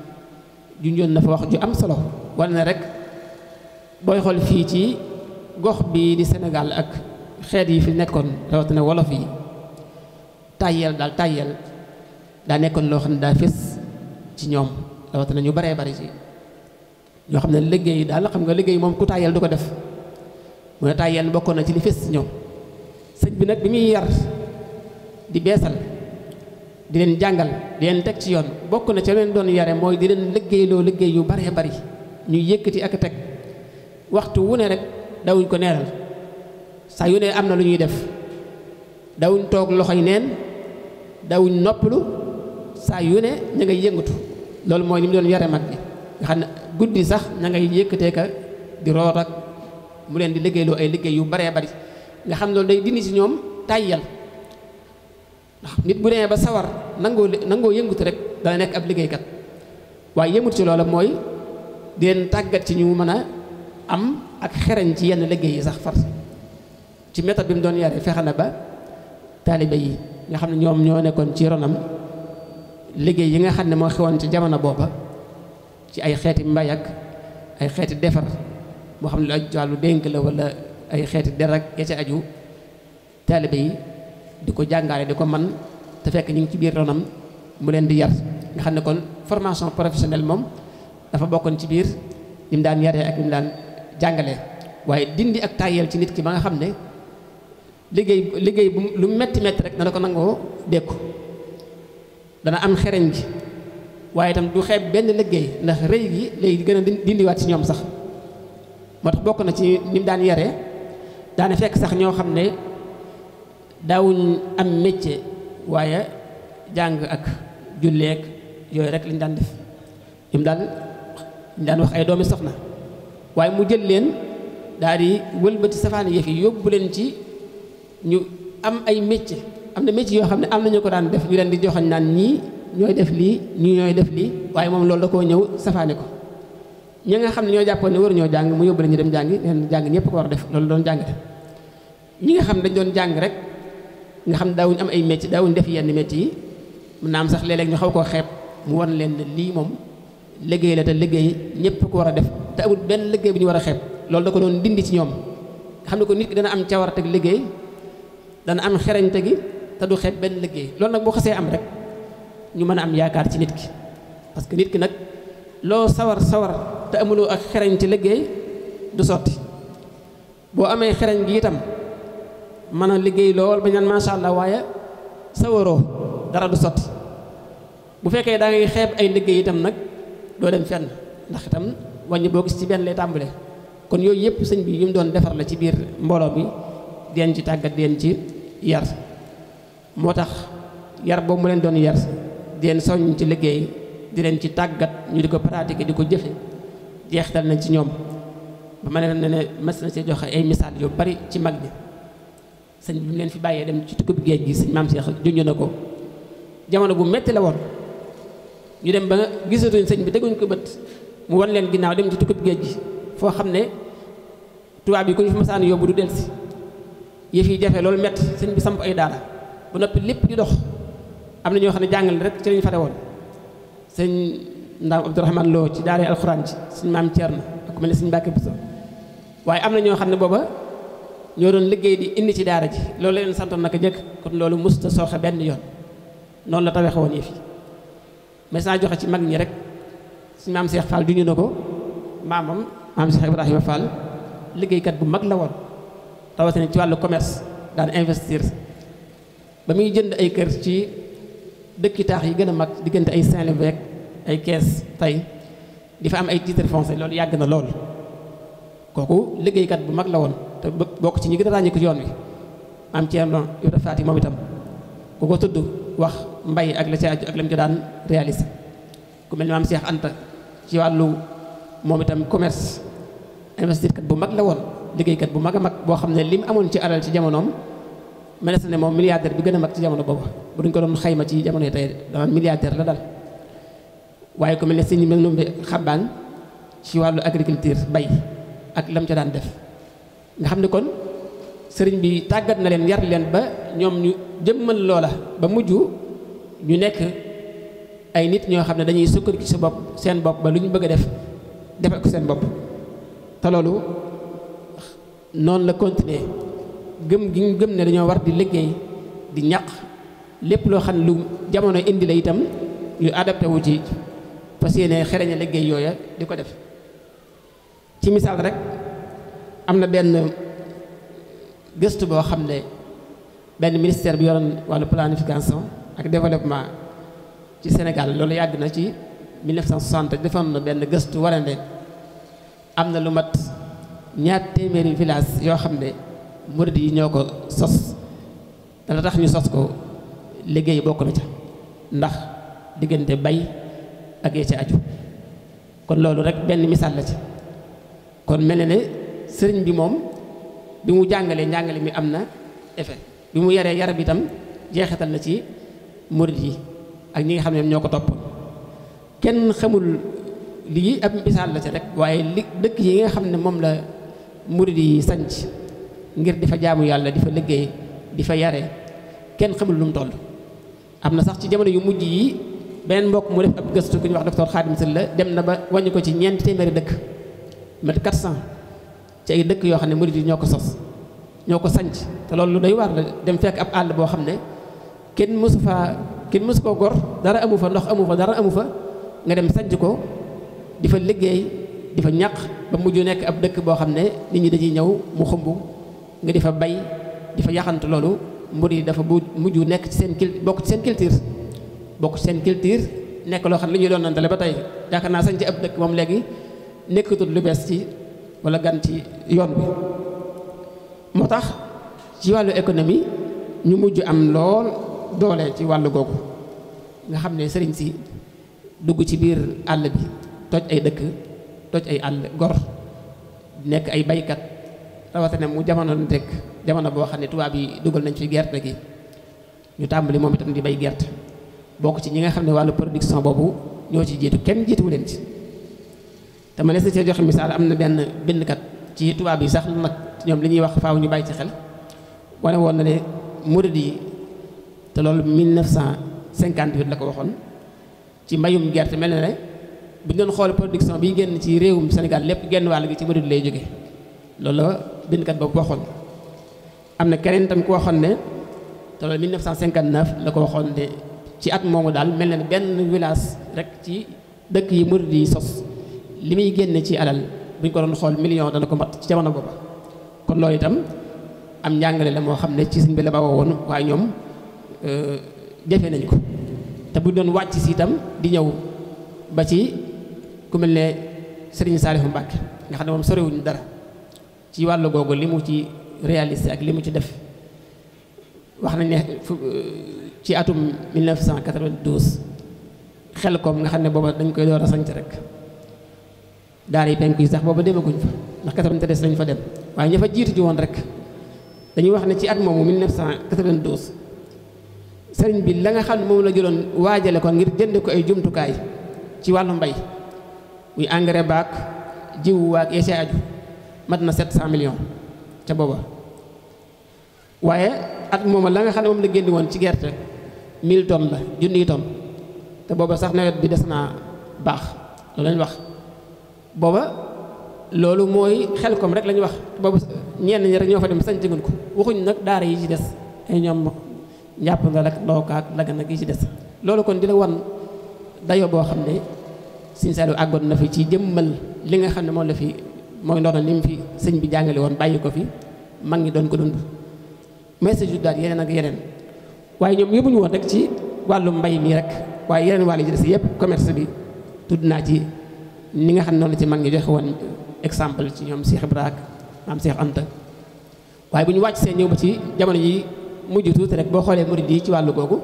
junjoon na fa wax ju am solo war na rek booy xool fii ci gox bi di Sénégal ak xeet yi fi nekkoon rawatina wolof yi tàyyeel daal tàyyeel daa nekkoon loo xam ne daa fés ci ñoom na ñu bare bari ci ñoo xam ne liggéey daal xam nga liggéey moom ku tàyyeel du ko def mu ne tàyyeel bokkoon na ci li fés ci ñoom sëñ bi nag bi ñuy yar di beesal di leen jàngal di leen teg ci yoon bokk na ci leen doon yare mooy di leen liggéeyloo liggéey yu baree bari ñuy yëkkati ak teg waxtu wu ne rek dawuñ ko neeral saa yu ne am na lu ñuy def dawuñ toog loxo yi neen dawuñ noppalu saa yu ne ña ngay yëngatu loolu mooy li mu doon yare mag bi nga xam ne guddi sax ña ngay yëkkatee ka di root ak mu leen di liggéeyloo ay liggéey yu baree bari nga xam loolu day dindi ci ñoom tàyyal ndax nit bu demee ba sawar nangoo nangoo yëngutu rek dana nekk ab liggéeykat waaye yëmut ci loola mooy di tàggat ci ñu mën a am ak xerañ ci yenn liggéey yi sax far ci méthode bi mu doon yare fexe na ba taalibe yi nga xam ne ñoom ñoo nekkoon ci ronam liggéey yi nga xam ne moo xewoon ci jamono booba ci ay xeeti mbay ak ay xeeti defar moo xam ne lu aj wàllu dénk la wala ay xeeti der ak ya ci aju taalibe di ko jàngaale di ko man te fekk ñu ngi ci biir ronam mu leen di yar nga xam ne kon formation professionnelle moom dafa bokkoon ci biir ni mu daan yaree ak ni mu daan jàngale waaye dindi ak tàyyeel ci nit ki ba nga xam ne liggéey liggéey bu lu metti metti rek dana ko nangoo dékku dana am xereñ gi waaye itam du xeeb benn liggéey ndax rëy gi léegi gën a dindiwaat ci ñoom sax moo tax bokk na ci ni mu daan yaree daana fekk sax ñoo xam ne daawuñ am métier waaye jàng ak julleek yooyu rek lañ daan def ñoom daal ñu daan wax ay doomi soxna waaye mu jël leen daal di wëlbati safaani yëf yi yóbbu leen ci ñu am ay métier am na métier yoo xam ne am na ñu ko daan def ñu leen di joxañ naan ñii ñooy def lii ñii ñooy def lii waaye moom loolu da koo ñëw safaani ko ñi nga xam ne ñoo jàppoon ne waruñoo jàng mu yóbbu la ñu dem jàngi leen jàng ñëpp ko war a def loolu doon jàng ñi nga xam dañu doon jàng rek nga xam daawuñu am ay métier daawuñu def yenn métier yi mën naa am sax léeg ñu xaw ko xeeb mu na leen ne lii moom liggéey la te liggéey ñëpp ko war a def te amul benn liggéey bi ñu war a xeeb loolu da ko doon dindi ci ñoom nga xam ne ko nit ki dana am cawarte gi liggéey dana am xerañte gi te du xeeb benn liggéey loolu nag boo xasee am rek ñu mën a am yaakaar ci nit ki parce te amuloo ak xereñ ci liggéey du sotti boo amee xereñ bi itam mën a liggéey lool ba ñaan macha allah waaye sawaroo dara du sotti bu fekkee da ngay xeeb ay liggéey itam nag doo dem fenn ndax itam wañ boo gis ci benn lay tàmbale kon yooyu yëpp sëñ bi yu mu doon defar la ci biir mbooloo bi deen ci tàggat deen ci yar moo tax yar boobu mu leen doon yar deen soññ ci liggéey di leen ci tàggat ñu di ko pratiquer di ko jëfe jeextal nañ ci ñoom ba ma ne na ne mas na see joxe ay misaal yu bari ci mag ñi sëñ bi mu leen fi bàyyee dem ci tukkub géej gi sëñ maam Cheikh junj na ko jamono bu metti la woon ñu dem ba gisatuñ sëñ bi teguñ ko bët mu wan leen ginnaaw dem ci tukkub géej gi foo xam ne tubaab yi ku ñu fi masaan yóbbu du delsi yëf yi jafe loolu mett sëñ bi samp ay daara bu noppi lépp di dox am na ñoo xam ne jàngal rek ci lañu fare woon sëñ ndaw Abdourahmane Lo ci daara alxuraan ci suñu maam Thierno ak ku mel ne suñu Mbàkke Buso waaye am na ñoo xam ne booba ñoo doon liggéey di indi ci daara ji loolu la leen santoon naka njëkk kon loolu musta sooxe benn yoon noonu la tawee woon yi fi mais naa joxe ci mag ñi rek suñu maam Cheikh Fall duñu na ko maamam maam Cheikh Ibrahima Fall liggéeykat bu mag la woon rawatina ci wàllu commerce daan investir ba muy jënd ay kër ci dëkki taax yi gën a mag diggante ay Saint-Louis ay kees tey di fa am ay titre foncier loolu yàgg na lool kooku liggéeykat bu mag la woon te bokk ci ñi gën a ràññi ko ci yoon wi am ci am Ibra moom itam ku ko tudd wax mbay ak la ci aju ak la daan réalisé ku mel ni maam Cheikh Anta ci wàllu moom itam commerce investisseur bu mag la woon liggéeykat bu mag a mag boo xam ne li mu amoon ci alal ci jamonoom mel ne moom milliardaire bi gën a mag ci jamono boobu bu duñ ko doon xayma ci jamono yi tey daan milliardaire la dal waaye ku mel ne sëñ bi noonu xabaan ci wàllu agriculture bay ak lam ca daan def nga xam ne kon sëriñ bi tàggat na leen yar leen ba ñoom ñu jëmmal loola ba mujj ñu nekk ay nit ñoo xam ne dañuy sukkandiku ci sa bopp seen bopp ba lu ñu bëgg def defal ko seen bopp te loolu noonu la continuer gëm gi ñu gëm ne dañoo war di liggéey di ñaq lépp loo xam ne lu jamono indi la itam ñu adapté wu ci fas yéene xereñe liggéey yooya di ko def ci misaal rek am na benn gëstu boo xam ne benn ministère bi yoroon wàllu planification ak développement ci Sénégal loolu yàgg na ci 1960 defoon na benn gëstu warande am na lu mat ñaar téeméeri village yoo xam ne murid yi ñoo ko sos dana tax ñu sos ko liggéey bokk na ca ndax diggante bay ak ya ci aju kon loolu rek benn misaal la ci kon mel na ne sëriñ bi moom bi mu jàngalee njàngale mi am na effet bi mu yaree yar itam jeexital na ci murid yi ak ñi nga xam ne ñoo ko topp kenn xamul lii ak misaal la ci rek waaye li dëkk yi nga xam ne moom la murid yi sanc ngir di jaamu yàlla di fa liggéey di fa yare kenn xamul lu mu toll am na sax ci jamono yu mujj yi beneen mbokk mu def ab gëstu ku ñu wax docteur Khadim Sylla dem na ba wàññi ko ci ñeenti téeméeri dëkk mat 400 ci ay dëkk yoo xam ne murid yi ñoo ko sos ñoo ko sanc te loolu day waar la dem fekk ab àll boo xam ne kenn mësu faa kenn mësu koo gor dara amu fa ndox amu fa dara amu fa nga dem sajj ko di fa liggéey di fa ñaq ba mujj nekk ab dëkk boo xam ne nit ñi dañuy ñëw mu xumb nga di fa bay di fa yaxantu loolu mbir yi dafa bu mujj nekk ci seen kil bokk ci seen culture bokk seen culture nekk loo xam ne lañuy doon nantale ba tey yaakaar naa sañ ci ab dëkk moom léegi nekkatul lu bees ci wala gan ci yoon bi moo tax ci wàllu économie ñu mujj am lool doole ci wàll googu nga xam ne sëriñ si dugg ci biir àll bi toj ay dëkk toj ay àll gor nekk ay baykat rawatina mu jamono tekk jamono boo xam ne tubaab yi dugal nañ ci gerte gi ñu tàmbali moom itam di bay gerte bokk ci ñi nga xam ne wàllu production boobu ñoo ci jiitu kenn jiituwu leen ci te ma ne sa cee joxe misaal am na benn bindkat ci tubaab yi sax nag ñoom li ñuy wax faaw ñu bàyyi ci xel wane woon na ne murid yi te loolu 1958 la ko waxoon ci mbayum gerte mel na ne bu ñu doon production bi génn ci réewum Sénégal lépp genn wàll gi ci murid lay jóge loolu la bindkat waxoon am na keneen tam ku waxoon ne te loolu 1959 la ko waxoon ne ci at moomu daal mel na ne benn village rek ci dëkk yi murid yi sos li muy génne ci alal bu ñu ko doon xool million dana ko mat ci jamono booba kon loolu itam am njàngale la moo xam ne ci sëñ bi la ba woon waaye ñoom euh, jafe nañ ko te bu doon wàcc si itam di ñëw ba ci ku mel ne Serigne Saliou Mbacke nga xam ne moom sorewuñu dara ci wàll googu li mu ci réalisé ak li mu ci def wax nañ ne euh, ci atum 1992 xel koom nga xam ne booba dañ koy door a sanc rek daar yi penku yi sax booba demaguñ fa ndax 93 lañ fa dem waaye ña fa jiitu ji woon rek dañuy wax ne ci at moomu 1992 sëriñ bi la nga xam ne moom la jëloon waajale ko ngir jënd ko ay jumtukaay ci wàllu mbay muy engrais baak jiwu waak yee aju mat na 700 millions ca booba waaye at mooma la nga xam ne moom la génn woon ci gerte mille tonnes la junniy tonnes te booba sax nawet bi des naa baax loolu lañ wax booba loolu mooy xel Xelkom rek la wax boobu ñenn ñi rek ñoo fa dem sañ sañcaguñ ko waxuñ nag daara yi ci des ay ñoom njàpp na rek ndookaak laga nag yi ci des loolu kon di la wan dayo boo xam ne Sëñ Saliou àggoon na fi ci jëmmal li nga xam ne moom la fi mooy ndox na li mu fi sëñ bi jàngale woon bàyyi ko fi mag ñi doon ko dund message yu daal yeneen ak yeneen waaye ñoom ñu woon rek ci wàllum mbay mi rek waaye yeneen wàll yi ci des yëpp commerce bi tudd naa ci ni nga xam ne noonu la ci mag ñi joxe woon exemple ci ñoom Cheikh Ibrahima am seex Anta waaye bu ñu wàcc seen ñëw ba ci jamono yi mujj tuuti rek boo xoolee murid yi ci wàllu googu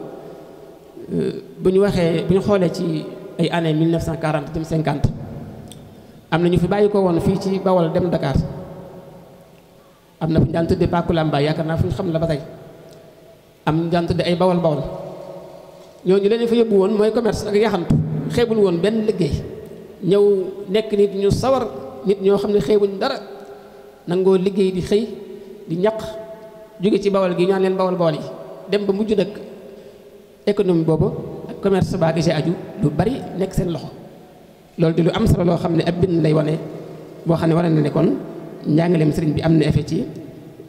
euh, bu ñu waxee bu ñu xoolee ci ay années 1940 jëm cinquante am na ñu fi bàyyi ko woon fii ci Bawol dem Dakar am na fu ñu daan tuddee Pakulambaay yaakaar naa fu ñu la ba tey. am ñu daan tudde ay bawal bawal ñooñu leen fa yóbbu woon mooy commerce ak yaxantu xeebul woon benn liggéey ñëw nekk nit ñu sawar nit ñoo xam ne xeebuñ dara nangoo liggéey di xëy di ñaq jóge ci bawal gi ñaa naan leen bawal bawal yi dem ba mujj nag économie boobu ak commerce baa gisee aju lu bari nekk seen loxo loolu di lu am solo loo xam ne ab bind lay wane boo xam ne wane na ne kon njàngaleem sëriñ bi am na effet ci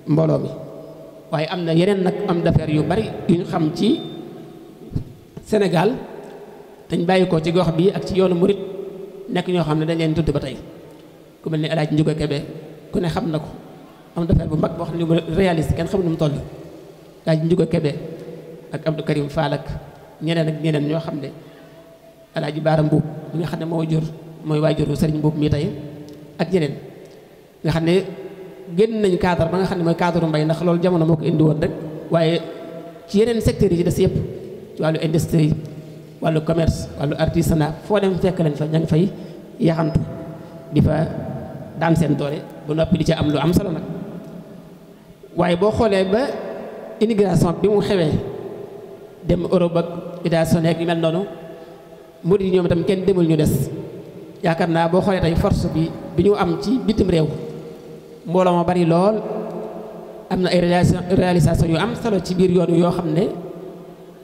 mbooloo mi waaye am na yeneen nag homme d'affaires yu bari yu ñu xam ci Sénégal dañ bàyyi ko ci gox bi ak ci yoonu murit nekk ñoo xam ne dañ leen tudd ba tey ku mel ni El Hadj Ndiouga ku ne xam na ko homme d'affaires bu mag boo xam ne mu réaliste kenn xamul nu mu toll El Hadj Ndiouga ak Abdou Karim Fall ñeneen ak ñeneen ñoo xam ne El Baara Mbuub mi nga xam ne moo jur mooy waajuru Serigne Mbuub mii tey ak ñeneen nga xam ne. génn nañu cadre ba nga xam ne mooy cadre mbay ndax loolu jamono moo ko indi woon rek waaye ci yeneen secteurs yi ci des yëpp ci wàllu industrie wàllu commerce wàllu artisanat foo dem fekk lañ fa ña ngi fay yaxantu di fa daan seen doole ba noppi di ci am lu am solo nag waaye boo xoolee ba immigration bi mu xewee dem Europe ak États-Unis ak yu mel noonu murid yi ñoom itam kenn demul ñu des yaakaar naa boo xoolee tey force bi bi ñu am ci bitim réew mbooloo ma bari lool am na ay réalisation yu am solo ci biir yoonu yoo xam ne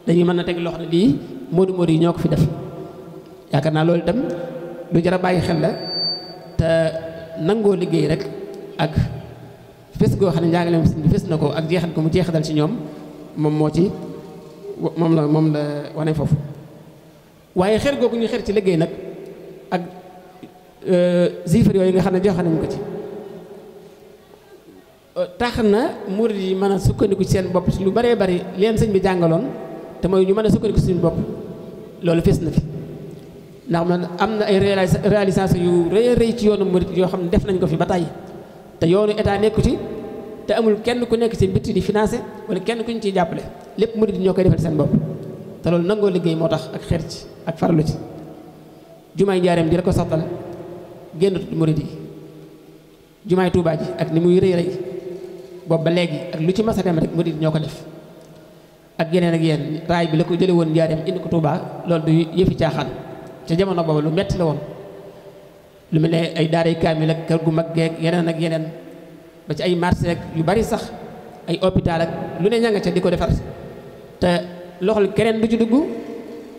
dañuy mën a teg loxo ne lii moodu moodu yi ñoo ko fi def yaakaar naa loolu itam lu jar a bàyyi xel la te nangoo liggéey rek ak fés goo xam ne njàngaleem sëñ bi na ko ak jeexal ko mu jeexatal ci ñoom moom moo ci moom la moom la wane foofu waaye xer googu ñu xer ci liggéey nag ak euh, ziifar yooyu nga xam ne joxe nañ ko ci tax na murid yi mën a sukkandiku ci seen bopp lu baree bari leen sëñ bi jàngaloon te mooy ñu mën a sukkandiku suñu bopp loolu fees na fi ndax man am na ay réalisation yu rëy rëy ci yoonu murid yoo xam ne def nañ ko fi ba tàyyi te yoonu état nekku ci te amul kenn ku nekk ci bitti di financé wala kenn ku ñu ciy jàppale lépp murid ñoo koy defal seen bopp te loolu nangoo liggéey moo tax ak xeer ci ak faralu ci jumaay njaareem di rek ko saxtal génn murid yi jumaay tuubaa ji ak ni muy rëy boobu ba léegi ak lu ci mas a dem rek ñoo ko def ak yeneen ak yéen raay bi la ko jële woon njaareem indi ko Touba loolu du yëfi caaxaan ca jamono boobu lu metti la woon lu mel ne ay daaray kaamil ak kër gu mag gee yeneen ak yeneen ba ci ay marché ak yu bari sax ay hôpital ak lu ne ñanga ca di ko defar te loxol keneen du ci dugg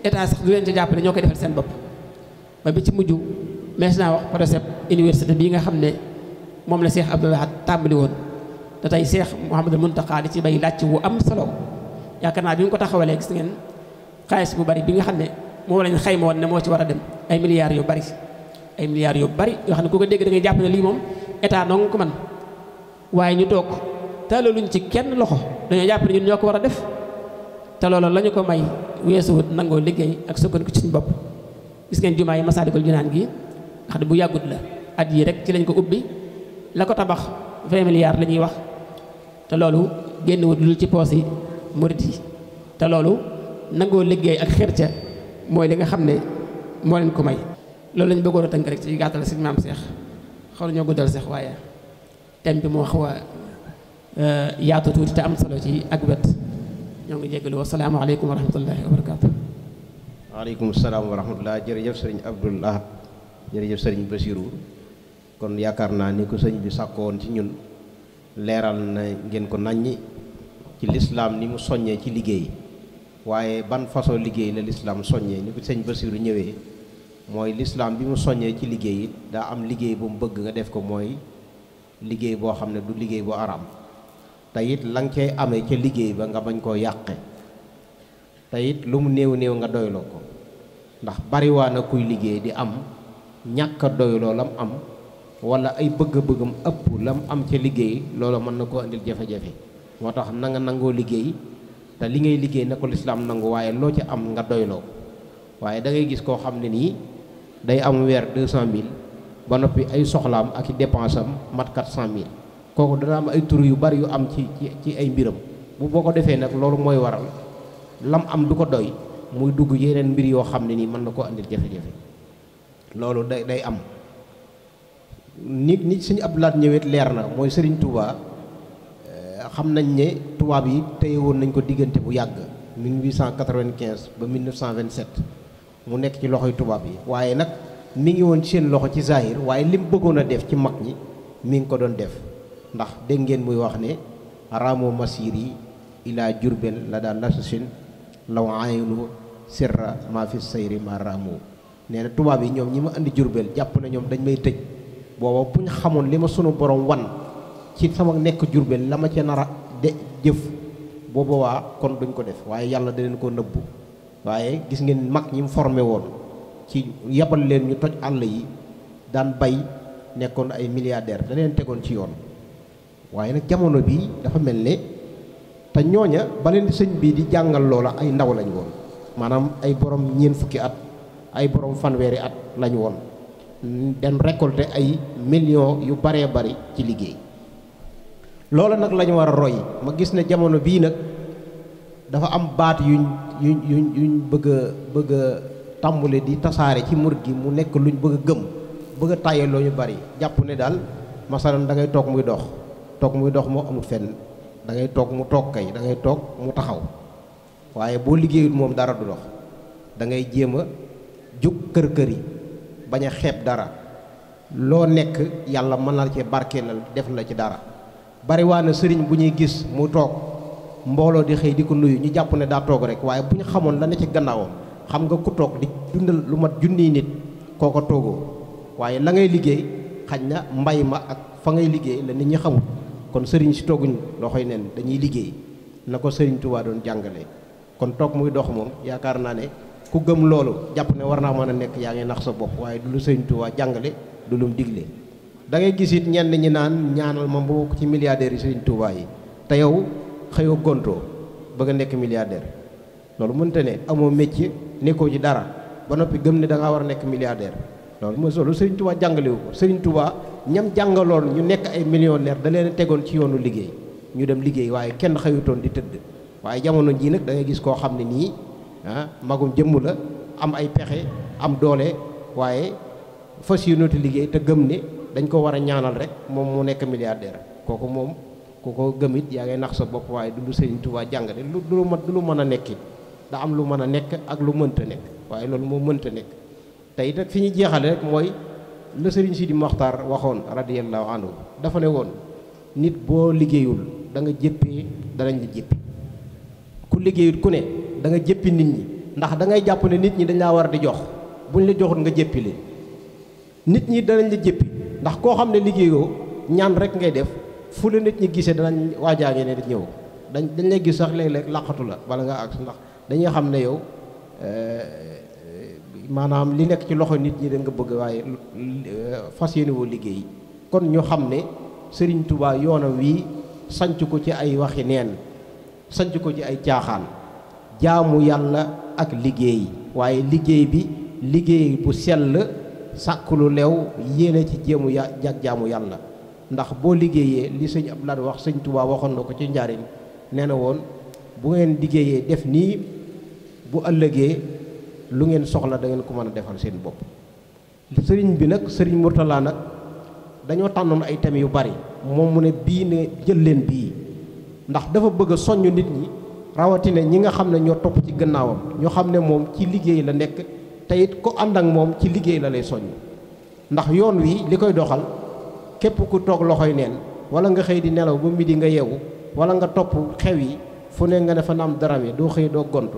état sax du leen ca jàppale ñoo koy defal seen bopp ba bi ci mujj mees naa wax projet université bii nga xam ne moom la Cheikh Abdou Lahad tàmbali woon te tey Cheikh Mouhamadul Mountakha di ci bay laaj wu am solo yaakaar naa bi nga ko taxawalee gis ngeen xaalis bu bari bi nga xam ne moom lañ xayma woon ne moo ci war a dem ay milliards yu bari ay milliards yu bari yoo xam ne ku ko dégg da jàpp ne lii moom état dong ko man waaye ñu toog taalaluñ ci kenn loxo dañoo jàpp ne ñun ñoo ko war a def te loolu la ñu ko may weesuwut nangoo liggéey ak sukkandiku ci suñu bopp gis ngeen jumaa yi Masaalikul Jinaan gi nga xam ne bu yàggut la at yii rek ci lañ ko ubbi la ko tabax 20 la ñuy wax te loolu génnewut lu ci poos yi murit yi te loolu nangoo liggéey ak xër ca mooy li nga xam ne moo leen ko may loolu lañ bëggoon a tënk rek ci gàttal sëñ maam Cheikh xaw na ñoo guddal seex waaye thème bi moo xaw a euh, yaatu tuuti te am solo ci ak wet ñoo ngi jégalu wasalaamaaleykum wa rahmatullahi wa barakaatu.
waaleykum salaam wa rahmatullah jërëjëf sëriñ Abdullah jërëjëf sëriñ Basiru kon yaakaar naa ni ko sëñ bi sàkkoon ci ñun. leeral na ngeen ko naññi ci lislaam ni mu soññee ci liggéey waaye ban façon liggéey la lislaam soññee ni ko sëñ Basiru ñëwee mooy lislaam bi mu soññee ci liggéey daa am liggéey bu mu bëgg nga def ko mooy liggéey boo xam ne du liggéey bu araam te it la nga cay amee ca liggéey ba nga bañ koo yàqe te it lu mu néew néew nga doyloo ko ndax bariwaa kuy liggéey di am ñàkk a doyloo lam am wala ay bëgg-bëggam ëpp la mu am ca liggéey loolu mën na koo indil jafe-jafe moo tax nanga nangoo liggéey te li ngay liggéey na ko lislaam nangu waaye loo ca am nga doyloo waaye da ngay gis koo xam ne nii day am weer 200000 ba noppi ay soxlaam ak i dépense am mat 400000 kooku dana am ay tur yu bari yu am ci ci ay mbiram bu boo ko defee nag loolu mooy waral lam am du ko doy muy dugg yeneen mbir yoo xam ne nii mën na koo indil jafe-jafe loolu day day am. ni ni suñu abdulaat ñëwet leer na mooy sëriñ Touba eh, xam nañ ne tubaab yi téye woon nañ ko diggante bu yàgg 1895 ba 1927 mu nekk ci loxoy tubaab yi waaye nag mi ngi woon ci seen loxo ci zahir waaye lim bëggoon a def ci mag ñi mi ngi ko doon def ndax dégg ngeen muy wax ne ramo masir yi ila jurbel la daan nasusin law aynu sirra ma fi sayri ma ramo nee na tubaab yi ñoom ñi ma indi jurbel jàpp na ñoom dañ may tëj booba puñ xamoon li ma sunu borom wan ci sama nekk Jurbel la ma ca nar a de jëf booba waa kon duñ ko def waaye yàlla daleen leen koo nëbbu waaye gis ngeen mag ñi mu formé woon ci yabal leen ñu toj àll yi daan bay nekkoon ay milliardaire da tegoon ci yoon waaye nag jamono bii dafa mel ni te ñooña ba sëñ bii di jàngal loola ay ndaw lañ woon maanaam ay borom ñeent fukki at ay borom fanweeri at lañ woon dem récolter ay millions yu baree bari ci liggéey loolu nag lañu war a roy ma gis ne jamono bii nag dafa am baat yu yuñ yu yuñ bëgg a bëgg a di tasaare ci mur gi mu nekk luñ bëgg a gëm bëgg a tàyyee loo ñu bari jàpp ne daal masalan dangay toog muy dox toog muy dox mu amul fenn dangay toog mu toog kay da ngay toog mu taxaw waaye boo liggéeyut moom dara du dox dangay ngay jéem a jug kër kër yi bañ a xeeb dara loo nekk yàlla mën na la ci barkeelal def la ci dara waa na sëriñ bu ñuy gis mu toog mbooloo di xëy di ko nuyu ñu jàpp ne daa toog rek waaye bu ñu xamoon la ne ci gannaawam xam nga ku toog di dundal lu mat junniy nit kooko toogoo waaye la ngay liggéey xañ na mbay ma ak fa ngay liggéey la nit ñi xamul kon sëriñ si tooguñu loxoy neen dañuy liggéey na ko sëriñ Tuubaa doon jàngale kon toog muy dox moom yaakaar naa ne ku gëm loolu jàpp ne war naa mën a nekk yaa ngi nax sa bopp waaye du lu sëñ Tuubaa jàngale du lum digle da ngay gis it ñenn ñi naan ñaanal ma mbokk ci milliardaires yi sëñ Tuubaa yi te yow xëyoo gontoo bëgg a nekk milliardaire loolu mënta ne amoo métier nekkoo ci dara ba noppi gëm ne da ngaa war a nekk milliardaire loolu mooy solo sëriñ Touba jàngalewu ko sëriñ Touba ñam jàngaloon ñu nekk ay millionnaire da leen tegoon ci yoonu liggéey ñu dem liggéey waaye kenn di tëdd ah magum jëmm la am ay pexe am doole waaye fas yu yéeneetu liggéey te gëm ne dañ ko war a ñaanal rek moom mu nekk milliardaire kooku moom ku ko gëmit yaa ngay nax sa bopp waaye du lu Sëriñ Tuubaa jàngale lu lu mat lu mën a nekk da am lu mën a nekk ak lu mënta nekk waaye loolu moo mënta nekk tey nag fi ñu jeexale rek mooy la Sëriñ di Moxtaar waxoon radiyallahu anhu dafa ne woon nit boo liggéeyul danga nga danañ la jëppi ku liggéeyul ku ne danga nga jéppi nit ñi ndax da ngay jàpp ne nit ñi dañ laa war di jox buñ la joxut nga jéppi leen nit ñi danañ la jéppi ndax koo xam ne liggéeyoo ñaan rek ngay def fu la nit ñi gisee danañ waajaange ne nit ñëw dañ dañ lay gis sax léeg-léeg làqatu la bala nga ak ndax dañuy xam ne yow euh, maanaam li nekk ci loxo nit ñi dañ nga bëgg waaye euh, fas yéene woo liggéey kon ñu xam ne Sëriñ Tuubaa yoona wii sanc ko ci ay waxi neen sanc ko ci ay caaxaan jaamu yàlla ak liggéey waaye liggéey bi liggéey bu sell sàkk lu lew yéene ci jéemu ya jag jaamu yàlla ndax boo liggéeyee li sëñ Abdoulaye wax sëñ Touba waxoon na ko ci njariñ nee na woon bu ngeen liggéeyee def nii bu ëllëgee lu ngeen soxla da ngeen ko mën a defal seen bopp sëriñ bi nag sëriñ Mourtala nag dañoo tànnoon ay thèmes yu bari moom mu ne bii ne jël leen bii ndax dafa bëgg soññ nit ñi rawatina ñi nga xam ne ñoo topp ci gannaawam ñoo xam ne moom ci liggéey la nekk te it ku ànd ak moom ci liggéey la lay soññ ndax yoon wi li koy doxal képp ku toog loxoy neen wala nga xëy di nelaw ba midi nga yeewu wala nga topp xew yi fu ne nga ne fa naam dara mi doo xëy doo gont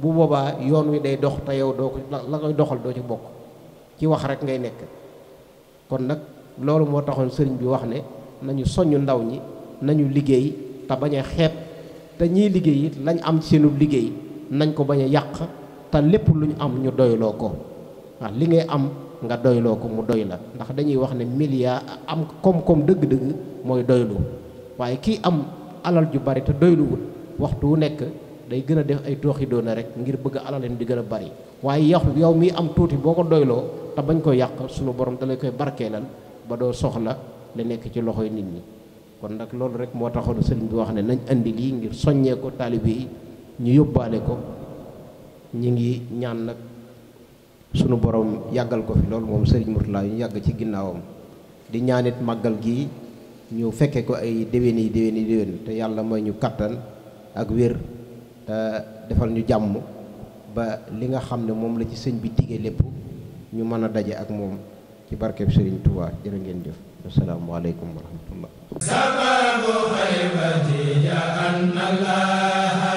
bu boobaa yoon wi day dox te yow doo koy doxal doo ci bokk ci wax rek ngay nekk kon nag loolu moo taxoon sëriñ bi wax ne nañu soññ ndaw ñi nañu liggéey te bañ a xeeb te ñiy liggéey it lañ am ci seenu liggéey nañ ko bañ a yàq te lépp lu ñu am ñu doyloo ko waaw li ngay am nga doyloo ko mu doy la ndax dañuy wax ne milliard am koom-koom dëgg-dëgg mooy doylu waaye kii am alal ju bari te doyluwul waxtu wu nekk day gën a def ay tooxi doona rek ngir bëgg alaleen di gën a bari waaye yow yow miy am tuuti boo ko doyloo te bañ ko yàq sunu borom da lay koy barkeelal ba doo soxla li nekk ci loxoy nit ñi kon nag loolu rek moo taxoon sëriñ bi wax ne nañ indi lii ngir soññee ko taalibe yi ñu yóbbaale ko ñi ngi ñaan nag sunu boroom yàggal ko fi loolu moom sëriñ Mourtala ñu yàgg ci ginnaawam di ñaanit màggal gi ñu fekke ko ay déwén yi déwén yi déwén te yàlla mooy ñu kàttan ak wér te defal ñu jàmm ba li nga xam ne moom la ci sëñ bi digee lépp ñu mën a daje ak moom ci barkeb sëriñ Touba jërë ngeen jëf assalaamu aleykum wa
rahmatullah